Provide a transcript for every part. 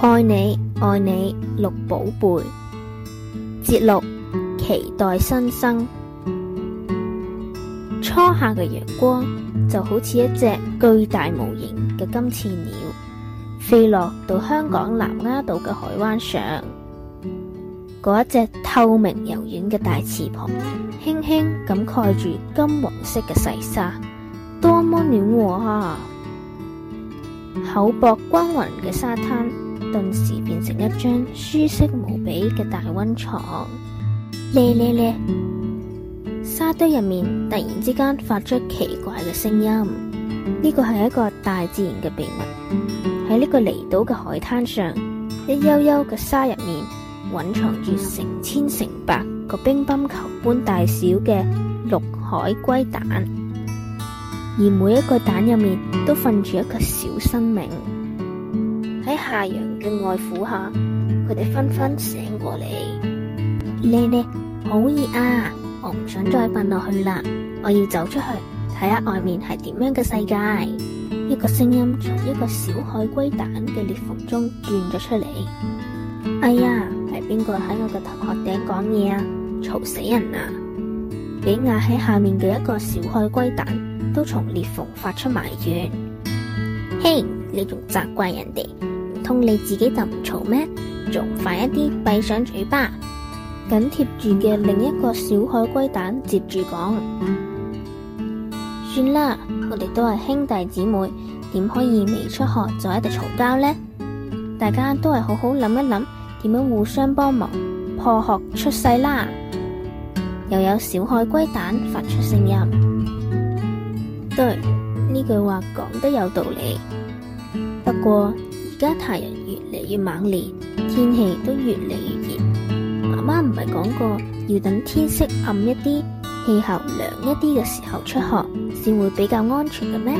愛你愛你，綠寶貝。節錄，期待新生。初夏嘅陽光就好似一隻巨大無形嘅金翅鳥，飛落到香港南丫島嘅海灣上。嗰一隻透明柔軟嘅大翅膀，輕輕咁蓋住金黃色嘅細沙，多麼暖和啊！厚薄均勻嘅沙灘。頓時變成一張舒適無比嘅大溫床。唦唦唦，沙堆入面突然之間發出奇怪嘅聲音。呢個係一個大自然嘅秘密。喺呢個離島嘅海灘上，一幽幽嘅沙入面，蘊藏住成千成百個乒乓球般大小嘅綠海龜蛋，而每一個蛋入面都瞓住一個小生命。喺夏陽嘅外父下，佢哋紛紛醒過嚟。咧咧，好熱啊！我唔想再瞓落去啦，我要走出去睇下外面係點樣嘅世界。一個聲音從一個小海龜蛋嘅裂縫中轉咗出嚟。哎呀，係邊個喺我嘅頭殼頂講嘢啊？嘈死人啦！俾壓喺下面嘅一個小海龜蛋都從裂縫發出埋怨。嘿，你仲責怪人哋？噉你自己就唔嘈咩？仲快一啲，閉上嘴巴。緊貼住嘅另一個小海龜蛋接住講：算啦，我哋都係兄弟姊妹，點可以未出學就喺度嘈交呢？大家都係好好諗一諗，點樣互相幫忙破殼出世啦！又有小海龜蛋發出聲音。對，呢句話講得有道理。不過。而家太陽越嚟越猛烈，天氣都越嚟越熱。媽媽唔係講過要等天色暗一啲，氣候涼一啲嘅時候出海，先會比較安全嘅咩？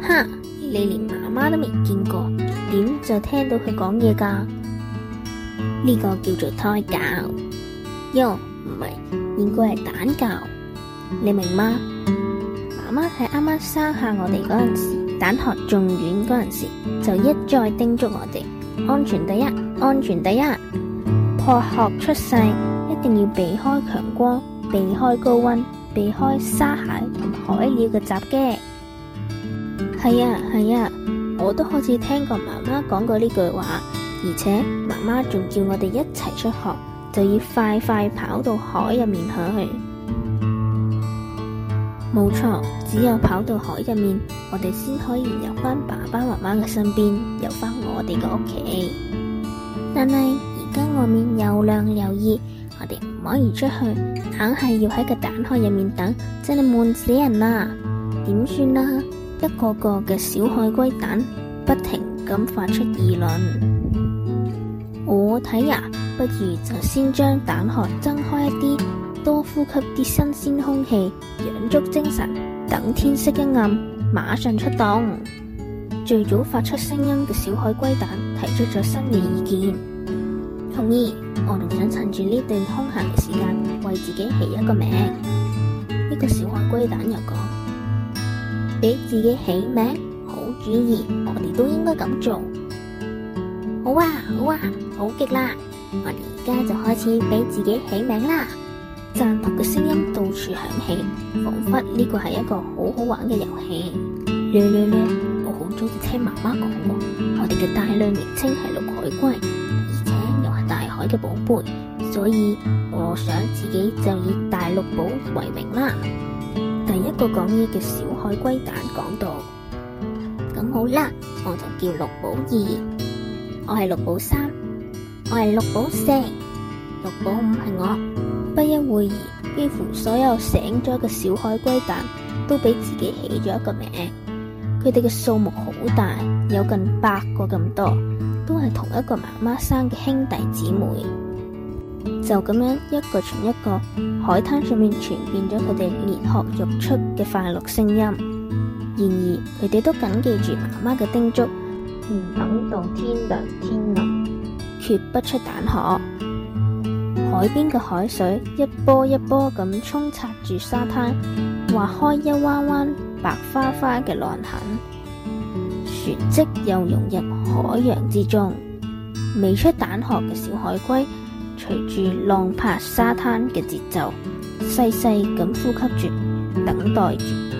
哈！你連媽媽都未見過，點就聽到佢講嘢噶？呢個叫做胎教。喲，唔係，應該係蛋教。你明嗎？媽媽喺啱啱生下我哋嗰陣時。蛋殼仲軟嗰陣時，就一再叮囑我哋安全第一，安全第一。破殼出世一定要避開強光，避開高溫，避開沙蟹同海鳥嘅襲擊。係啊、嗯、係啊，我都好似聽過媽媽講過呢句話，而且媽媽仲叫我哋一齊出殼，就要快快跑到海入面去。冇錯，只有跑到海入面，我哋先可以游返爸爸媽媽嘅身邊，游返我哋嘅屋企。但係而家外面又亮又熱，我哋唔可以出去，硬係要喺個蛋殼入面等，真係悶死人啦！點算呀？一個個嘅小海龜蛋不停咁發出議論。我睇呀，不如就先將蛋殼掙開一啲。多呼吸啲新鮮空氣，養足精神。等天色一暗，馬上出動。最早發出聲音嘅小海龜蛋提出咗新嘅意見。同意，我哋想趁住呢段空閒嘅時間，為自己起一個名。呢個小海龜蛋又講：俾自己起名，好主意，我哋都應該咁做。好啊，好啊，好極啦！我哋而家就開始俾自己起名啦。讚同嘅聲音到處響起，仿佛呢個係一個好好玩嘅遊戲。嘞嘞嘞我好早就聽媽媽講過，我哋嘅大類名稱係綠海龜，而且又係大海嘅寶貝，所以我想自己就以大綠寶為名啦。第一個講嘢嘅小海龜蛋講到：咁好啦，我就叫綠寶二，我係綠寶三，我係綠寶四，綠寶五係我。不一會兒，幾乎所有醒咗嘅小海龜蛋都俾自己起咗一個名。佢哋嘅數目好大，有近百個咁多，都係同一個媽媽生嘅兄弟姊妹。就咁樣一個傳一個，海灘上面傳遍咗佢哋連殼欲出嘅快樂聲音。然而，佢哋都謹記住媽媽嘅叮囑，唔等到天亮天暗，決不出蛋殼。海邊嘅海水一波一波咁沖擦住沙灘，劃開一彎彎白花花嘅浪痕，旋即又融入海洋之中。未出蛋殼嘅小海龜，隨住浪拍沙灘嘅節奏，細細咁呼吸住，等待住。